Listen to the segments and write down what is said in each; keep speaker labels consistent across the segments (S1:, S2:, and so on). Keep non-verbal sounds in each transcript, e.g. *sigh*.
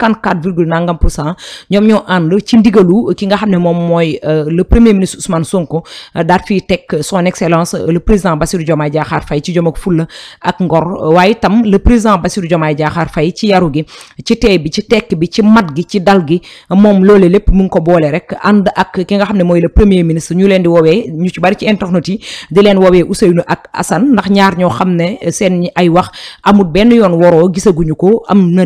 S1: cinquante quatre virgule nangam pour cent ñoom ñoo ànd ci ndigalu ki nga xam ne moom mooy euh, le premier ministre Ousmane Sonko euh, daal fiy teg son excellence euh, le président Bassirou Diomaye Diakhar Faye ci jom ak fulla ci yaru gi ci teey bi ci tekk bi ci mat gi ci dal gi moom loole lépp mu ngi ko boole rek ànd ak ki nga xam ne mooy le premier ministre ñu leen di woowee ñu ci bari ci internet yi di leen woowee Ousseynou ak Assane ndax ñaar ñoo xam ne seen ay wax amul benn yoon waroo gisaguñu ko am na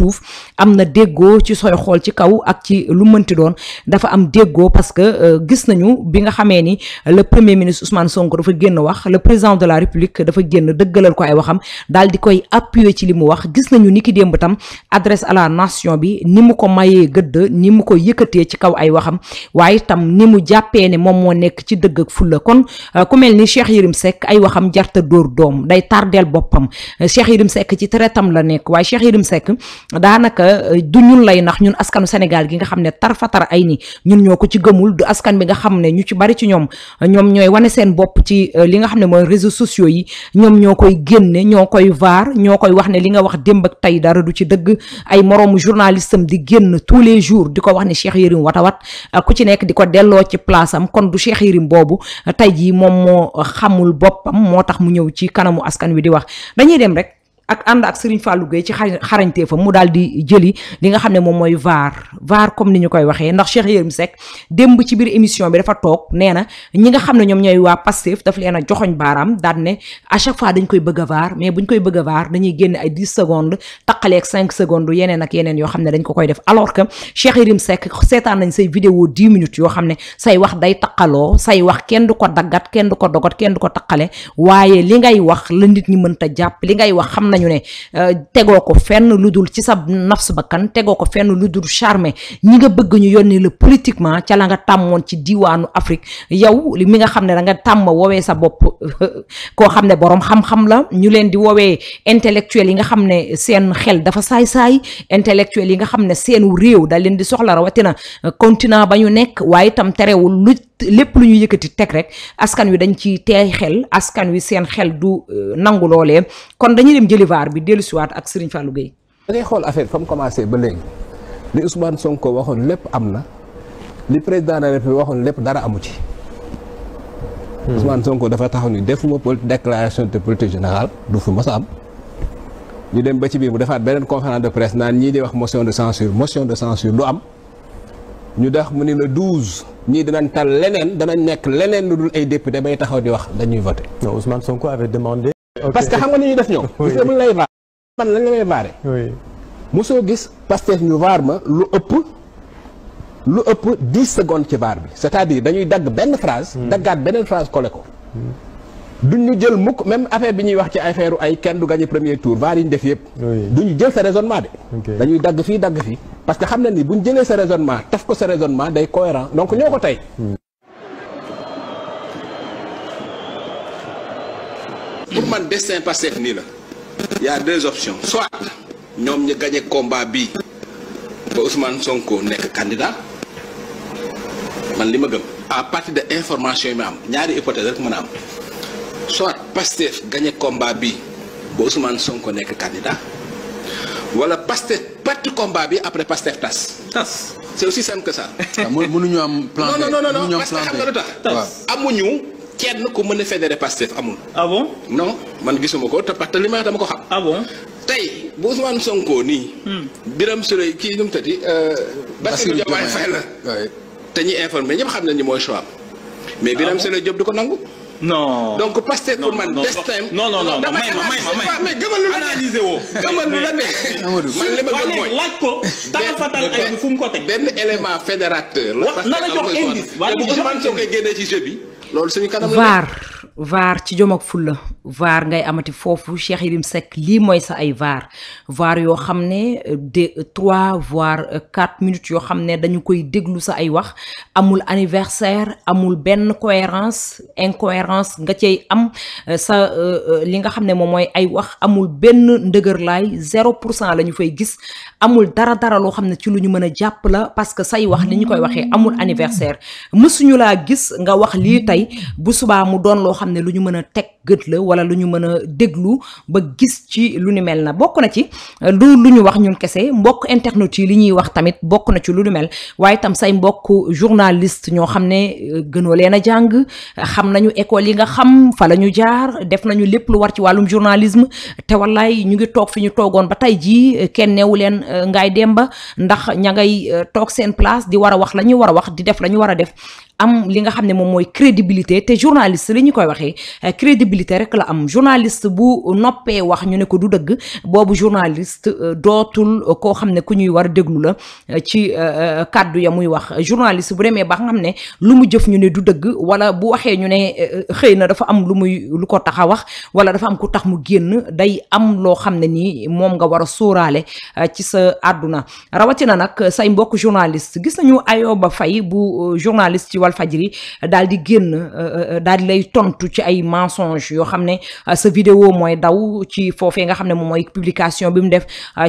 S1: suuf am na déggoo ci sooy xool ci kaw ak ci lu mënti doon dafa am déggoo parce que euh, gis nañu bi nga xamee ni le premier ministre Ousmane Sonko dafa génn wax le président de la République dafa génn dëggalal ko ay waxam daal di koy appuyer ci li mu wax gis nañu ni ki démb tam adresse à la nation bi ni mu ko mayee gëdd ni mu ko yëkkatee ci kaw ay waxam waaye itam ni mu jàppee ne moom moo nekk ci dëgg ak fulla kon euh, ku mel ni Cheikh Yérim sekk ay waxam jarta dóor doom day tardeel boppam Cheikh Yérim Seck ci traitam la nekk waaye Cheikh Yérim Seck daanaka euh, du ñun lay nax ñun askanu Sénégal gi nga xam ne tar fatar ay ni ñun ñoo ko ci gëmul du askan bi nga xam ne ñu ci bari ci ñoom euh, ñoom ñooy wane seen bopp ci euh, li nga xam ne mooy réseaux sociaux yi ñoom ñoo koy génne ñoo koy vaar ñoo koy wax ne li nga wax démb ak tey dara du ci dëgg ay moromu journalistam di génn tous les jours di ko wax ne Cheikh wata wat ku ci nekk di ko delloo ci place kon du Cheikh Yérim boobu tey jii moom moo xamul boppam moo tax mu ñëw ci kanamu askan wi di wax dañuy dem rek. ak ànd ak Serigne Fallou Gueye ci xarañtee fa mu daal di jëli li nga xam ne moom mooy vaar vaar comme ni ñu koy waxee ndax Cheikh Yérim Seck démb ci biir émission bi dafa toog nee na ñi nga xam ne ñoom ñooy waa Pastef daf leen a joxoñ baaraam daan ne à chaque fois dañ koy bëgg a vaar mais buñ koy bëgg a vaar dañuy génn ay 10 secondes taqaleeg 5 secondes yeneen ak yeneen yoo xam ne dañ ko koy def alors que Cheikh Yérim Seck seetaan nañ say vidéo 10 minutes yoo xam ne say wax day taqaloo say wax kenn du ko daggat kenn du ko dogat kenn du ko taqale waaye li ngay wax la nit ta jàpp li ngay wax xam nañ nañu ne euh, tegoo ko fenn lu dul ci sa nafs bakkan tegoo ko fenn lu dul charme ñi nga bëgg ñu yónni la politiquement ca la nga tàmmoon ci diwaanu Afrique yow mi nga xam ne da nga tàmm woowee sa bopp *laughs* koo xam ne boroom xam-xam la ñu leen di woowee intellectuel yi nga xam ne seen xel dafa saay-saay intellectuel yi nga xam ne seenu réew da leen di soxla rawatina euh, continent ba ñu nekk waaye itam terewul lu lépp lu ñu yëkkati teg rek askan wi dañ ci teey xel askan wi seen xel du euh, nangu loolee kon dañuy boulevard bi dellu siwaat ak Serigne Fallou Gueye da xool affaire
S2: fa mu ba léegi li Ousmane Sonko waxoon lépp am na li président de la République waxoon lépp dara amu ci hmm. Ousmane Sonko dafa taxaw ni defuma déclaration de politique générale du fi mos a am ñu dem ba ci biir mu defaat beneen conférence de presse naan ñii di wax motion de censure motion de censure du am ñu dax mu ni le 12 ñii dinañ tal leneen danañ nekk leneen lu dul ay député bay taxaw di wax dañuy parce que xam nga ni ñuy def ñoom. gis nga bu ñu lay vaar man lañ la may vaare. mosoo gis Pastef ñu vaar ma lu ëpp lu ëpp dix secondes ci vaar bi cest à dañuy dagg benn phrase. Hmm. daggaat beneen phrase collé ko. Hmm. duñ ñu jël mukk même affaire bi ñuy wax ci affaire ay kenn du gagné premier tour vaar yi ñu def yëpp. du ñu jël sa raisonnement de. dañuy dagg fii dagg fi parce que xam na ni bu ñu jëlee sa raisonnement taf ko sa raisonnement day cohérent donc ñoo ko tey. Hmm. pour man destin Pastef nii la y a deux options soit ñoom ñu gagné combat bi ba Ousmane Sonko nekk candidat man li ma gëm à partir de information yi ma am ñaari hypothèse rek mën a am soit Pastef gagné combat bii ba Ousmane Sonko nekk candidat wala Pastef parti combat bi après Pastef tas. tas c'est aussi simple que ça. Ah, mënuñu am ñu am plan B non non non parce que xam nga lu tax amuñu. kenn ku mën a fédéré Pastef amul. Ah non man gisuma ko te parce que li may wax dama ko xam. ah tey bu Ousmane Sonko nii. ko nangu. non donc Pastef pour man destin. non non non may ma may ma may analyser woo. gëmal lu la ne. Amadou man li ma gën mooy ko. taal fatal ay que am na jox indice te bu génnee ci jeu bi. loolu suñu kanam la vaar
S1: vaar ci jom ak fulla vaar ngay amati foofu Cheikh Yérim Seck lii mooy sa ay vaar vaar yoo xam ne de trois voir euh, quatre minutes yoo xam ne dañu koy déglu sa ay wax amul anniversaire amul benn cohérence incohérence nga cay am euh, sa euh, li nga xam ne moom mooy ay wax amul benn ndëgërlaay zéro pour cent la ñu fay gis amul dara dara loo xam ne ci lu ñu mën a jàpp la parce que say wax li ñu koy waxee amul anniversaire mësuñu laa gis nga wax lii tey bu subaa mu doon loo xam ne lu ñu mën a teg gët la wala lu ñu mën a déglu ba gis ci lu ni mel na bokk na ci lu euh, lu ñu wax ñun kese mbokk internet li ñuy wax tamit bokk na ci lu ni mel waaye tam say mbokk journaliste ñoo xam ne euh, gënoo leen a jàng xam nañu école yi nga xam fa la ñu jaar def nañu lépp lu war ci wàllum journalisme te wallaay ñu ngi toog fi ñu toogoon ba tey jii euh, kenn neewu leen ngaay demba ndax ña ngay toog seen place di war a wax la ñuy war a wax di def la ñu war a def am li nga xam ne moom mooy crédibilité te journaliste li ñu koy waxee euh, crédibilité rek la am journaliste bu noppee wax ñu ne ko du dëgg boobu journaliste euh, dootul euh, koo xam ne ku ñuy war a déglu la ci kàddu ya muy wax journaliste bu demee ba xam ne lu mu jëf ñu ne du dëgg wala bu waxee ñu ne xëy na dafa am lu muy lu ko tax a wax wala dafa am ku tax mu génn day am loo xam ne nii moom nga war a sóoraale ci sa àdduna rawatina nag say mbokk journaliste gis nañu Walfadjri daal di génn euh, euh, daal di lay tontu ci ay mensonge yoo xam ne euh, sa vidéo mooy daw ci foofee nga xam ne moom mooy publication bi mu def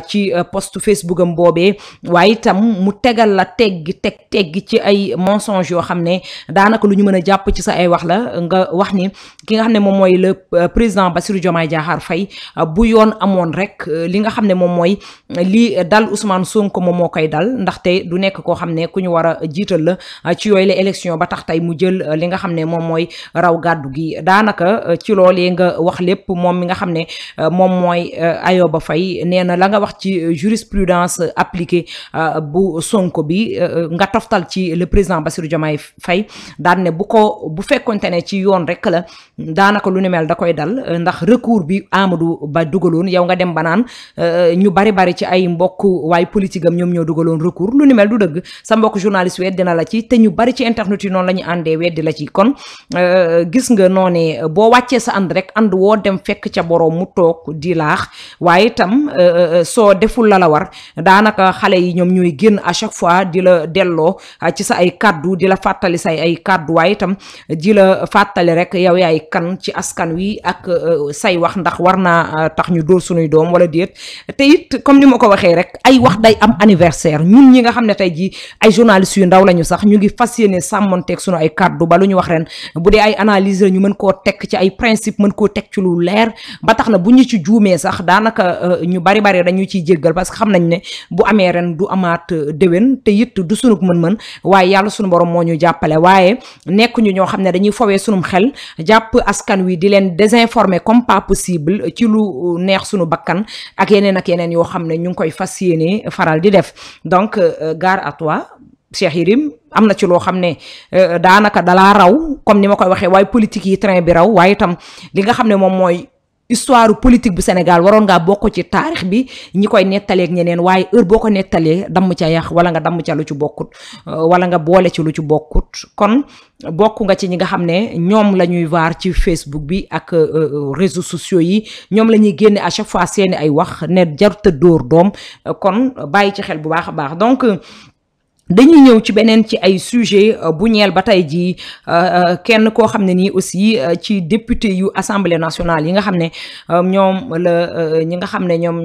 S1: ci post Facebook am boobee waaye itam mu tegal la teggi teg teggi ci ay mensonge yoo xam ne daanaka lu mën a jàpp ci sa ay wax la nga wax ni ki xam ne moom mooy le président Bassirou Diomaye Diakhar Faye bu yoon amoon rek li nga xam ne moom mooy li dal Ousmane Sonko moom moo koy dal ndaxte du nekk koo xam ne ku ñu war a jiital la ci yooyu la élection élection ba tax tey mu jël euh, li nga xam ne moom mooy raw gàddu gi daanaka euh, ci loolee nga wax lépp moom mi nga xam ne euh, moom mooy Ayoba Faye nee na la nga wax ci jurisprudence appliquée bu sonk bi nga toftal ci le président Bassirou Diomaye Faye daan ne bu ko bu fekkonte ne ci yoon rek la daanaka lu ne mel da koy dal ndax recours bi Amadou Ba dugaloon yow nga dem ba naan ñu bari bari ci ay mbokk waaye politique ñoom ñoo dugaloon recours lu ni mel du dëgg sa mbokk journaliste wet la ci te ñu bari ci internet internet yi noonu la àndee weddi la ci kon euh, gis nga noo ne boo wàccee sa ànd rek ànd woo dem fekk ca boroom mu toog di laax waaye itam euh, euh, soo deful la la war daanaka xale yi ñoom ñooy génn à chaque fois di la delloo ci sa ay kàddu di la fàttali say ay kàddu waaye itam di la fàttali rek yow yaay kan ci askan wi ak say wax ndax war naa tax ñu door sunuy doom wala déet te it comme ni ma ko waxee rek ay wax day am anniversaire ñun ñi nga xam ne tey ji ay journalistes sàmmonteeg sunu ay kàddu ba lu ñu wax ren bu dee ay analyse la ñu mën koo teg ci ay principe mën koo teg ci lu leer ba tax na bu ñu ci juumee sax daanaka euh, ñu bari bari dañu ciy jéggal parce que xam nañ ne bu amee ren du amaat euh, déwén te it du sunu mën-mën waaye yàlla sunu borom moo ñu jàppale waaye nekk ñu ñoo xam ne dañuy fowee sunum xel jàpp askan wi di leen désinformer comme pas possible ci lu euh, neex sunu bakkan ak yeneen ak yeneen yoo xam ne ñu ngi koy fas yéene faral di def am na ci loo xam ne euh, daanaka dalaa raw comme ni ma koy waxee waaye politique yi train bi raw waaye tam li nga xam ne moom mooy histoire politique bu Sénégal waroon ngaa bokk ci taarix bi ñi koy nettalee ak ñeneen waaye heure boo ko nettalee damm ca yàq wala nga damm ca lu ci bokkut euh, wala nga boole ci lu ci bokkut kon bokku nga ci ñi nga xam ne ñoom la ñuy vaar ci Facebook bi ak euh, réseaux sociaux yi ñoom la ñuy génne à chaque fois seeni ay wax ne jarut a doom kon bàyyi ci xel bu baax a baax dañu ñëw ci beneen ci ay sujet euh, bu ñeel ba tey jii euh, euh, kenn koo xam ne nii aussi ci député yu assemblée nationale yi nga xam ne ñoom la ñi nga xam ne ñoom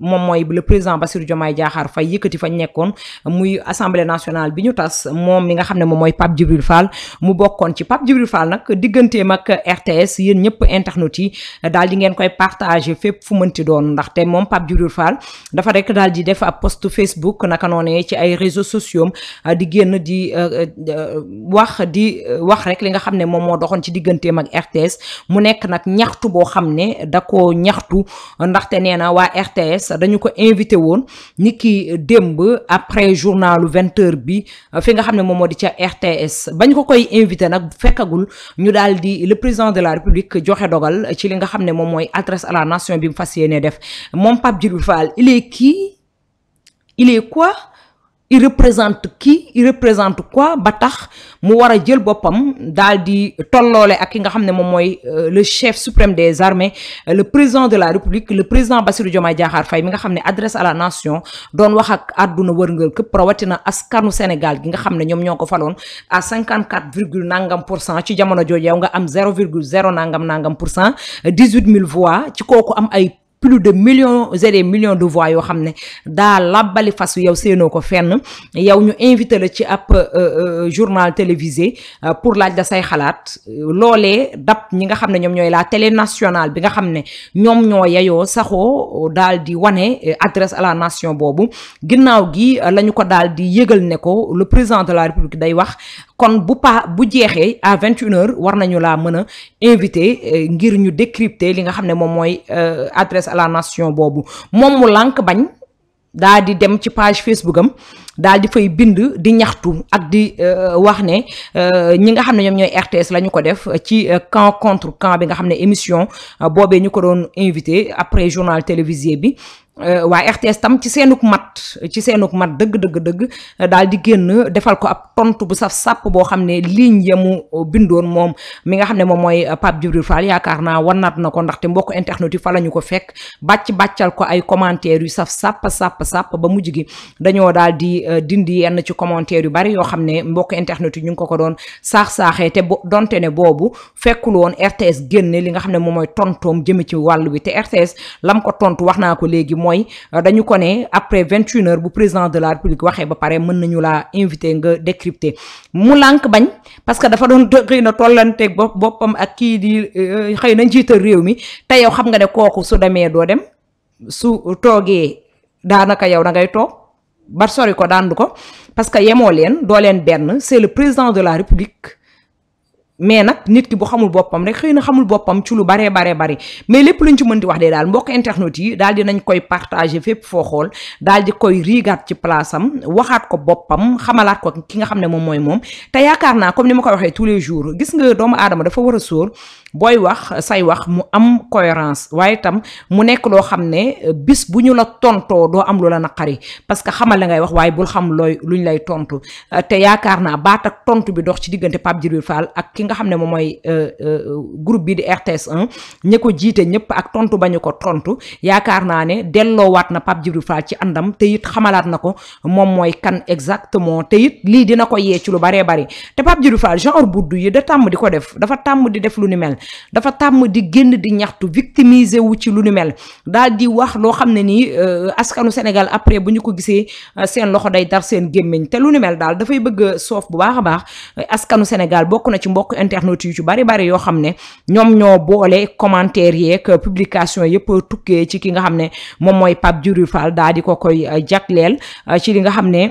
S1: moom mooy le président Bassirou Diomaye Diakhar Faye yëkkati fañ nekkoon muy assemblée nationale bi ñu tas moom mi nga xam ne moom mooy Pape Djibril Fall mu bokkoon ci Pape Djibril Fall nag digganteem ak RTS yéen ñëpp internet yi daal di ngeen koy partagé fépp fu mënti doon ndaxte moom Pape Djibril Fall dafa rek daal di def a post Facebook naka noonee ci ay réseaux sociaux ñoom di génn di euh, euh, wax di euh, wax rek li nga xam ne moom moo doxoon ci digganteem ak RTS mu nekk nag ñaxtu boo xam ne da koo ñaxtu ndaxte nee na waa RTS dañu ko invité woon ni ki démb après journalu vingt heures bi fi nga xam ne moom moo di ca RTS bañ ko koy invité nag fekkagul ñu daal di le président de la république joxe dogal ci li nga xam ne moom mooy adresse à la nation bi mu fas yéene def moom Pape Djibril Fall il est qui il quoi il représente qui il représente quoi ba tax mu war a jël boppam daal di tolloole ak ki nga xam ne moom mooy euh, le chef suprême des armées euh, le président de la république le président Bassirou Diomaye Diakhar Faye mi nga xam ne adresse à la nation doon wax ak àdduna wërngal këpp rawatina askanu Sénégal gi nga xam ne ñoom ñoo ko faloon à cinquante quatre nangam pour cent ci jamono jooju yow nga am zéro virgule zéro nangam nangam pour cent dix ci kooku am ay plus de million et million de voix yoo xam ne daal la bali fas yow séenoo ko fenn yow ñu invité la ci ab euh, euh, journal télévisé euh, pour laaj la say xalaat loole dab ñi nga xam ne ñoom ñooy la télé nationale bi nga xam ne ñoom ñoo yayoo saxoo daal di wane adresse à la nation boobu ginnaaw gi la ko daal di yëgal ne ko lu président de la république day wax kon bu pa bu jeexee à vingt war nañu laa mën a invité euh, ngir ñu décrypter li nga xam ne moom mooy euh, adresse à la nation boobu moom mu lànk bañ daal di dem ci page Facebook am daal di fay bind di ñaxtu ak di euh, wax ne ñi nga xam ne ñoom ñooy RTS la ñu ko def ci camp contre camp bi nga xam ne émission boobee ñu ko doon invité après journal télévisé bi Euh, waa RTS tam ci seenuk mat ci seenuk mat dëgg dëgg dëgg euh, daal di génn defal ko ab tontu bu saf sàpp boo xam ne ligne ya mu bindoon moom mi nga xam ne moom mooy euh, Pape Djibril Fall yaakaar naa wanaat na ko ndaxte mbokk internet yi fa la ñu ko fekk bàcc bàccal ko ay commentaires yu saf sàpp sàpp sàpp ba mujj gi dañoo daal di dindi yenn ci commentaires yu bari yoo xam ne mbokk internet yi ñu ngi ko ko doon saax saaxee te bo donte ne boobu fekkul woon RTS génn li nga xam ne moom mooy tontoom jëme ci wàll bi te RTS mooy dañu ko ne après vingt une heures bu président de la république waxee ba pare mën nañu laa invité nga décrypter mu lànk bañ parce que dafa doon xëy na tollanteeg bopp boppam ak kii di euh, xëy na njiital réew mi te yow xam nga ne kooku su demee doo dem su toogee daanaka yow da ngay toog ba sori ko dànd ko parce que yemoo leen doo leen benn c'est le président de la république mais nag nit ki bu xamul boppam rek xëy na xamul boppam ci lu baree baree bari mais lépp luñ ci mën di wax dee daal mbokk internet yi daal di nañ koy partagé fépp foo xool daal di koy riigaat ci place am waxaat ko boppam xamalaat ko ki nga xam ne moom mooy moom te yaakaar naa comme ni ma koy waxee tous les gis nga doomu aadama dafa war a sóor booy wax say wax mu am cohérence waaye tam mu nekk loo xam ne bis bu ñu la tontoo doo am lu la naqari parce que xamal la ngay wax waaye bul xam looy luñ lay tontu yaakaar naa baat ak bi dox ci diggante Pape Djibril Fall ak ki nga nga xam ne moom mooy euh, euh, group bi di RTS 1 ña ko jiite ñëpp ak tontu bañu ko tontu yaakaar naa ne waat na Pape Djibril Fall ci àndam te it xamalaat na ko moom mooy kan exactement te it lii dina ko yee ci lu baree bari te Pape Djibril Fall genre buddu yi da tàmm di ko def dafa tàmm di def lu ni mel tàmm di génn di ñaxtu victimiser wu ci lu ni daal di wax loo xam ne nii euh, askanu Sénégal après bu ñu ko gisee seen loxo day dar seen gémmiñ te lu ni daal dafay bëgg soof bu baax a baax askanu Sénégal bokk na ci mbokk mbokk internet yu ci bari bari yoo xam ne ñoom ñoo boole commentaire yeeg publication yëpp tukkee ci ki nga xam ne moom mooy Pape Djibril Fall daal di ko koy euh, jagleel euh, ci li nga xam ne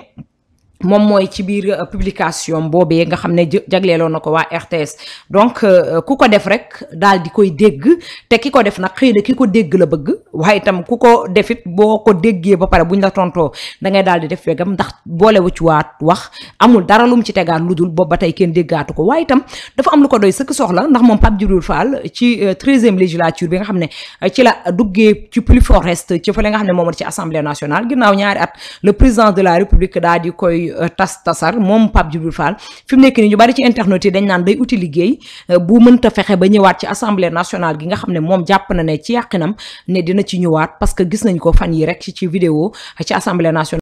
S1: moom mooy ci biir euh, publication boobee nga xam ne jagleeloon na ko waa RTS donc euh, ku ko def rek daal di koy dégg te ki ko def nag xëy na ki ko dégg la bëgg waaye itam ku ko defit boo ko déggee ba pare buñ la tontoo da ngay daal di def wegam ndax boole wu ci waat wax amul dara lum ci tegaat lu dul boobu ba tey kenn déggaatu ko waaye itam dafa am lu ko doy sëkk soxla ndax moom Pape Djibril faal ci euh, treizième législature bi nga xam ne ci la duggee ci plus fort reste ci xam ne moom ci assemblée nationale ginnaaw at le président de la république daal koy euh, tas tasar moom Pape Djibril Fall fi mu nekk nii ñu bari ci internet yi dañ naan day uti liggéey euh, bu mënta fexe ba ñëwaat ci assemblée nationale gi nga xam ne moom jàpp na ne ci yàqinam ne dina ci ñëwaat parce gis nañ ko fan yi rek ci ci vidéo ci assemblée nationale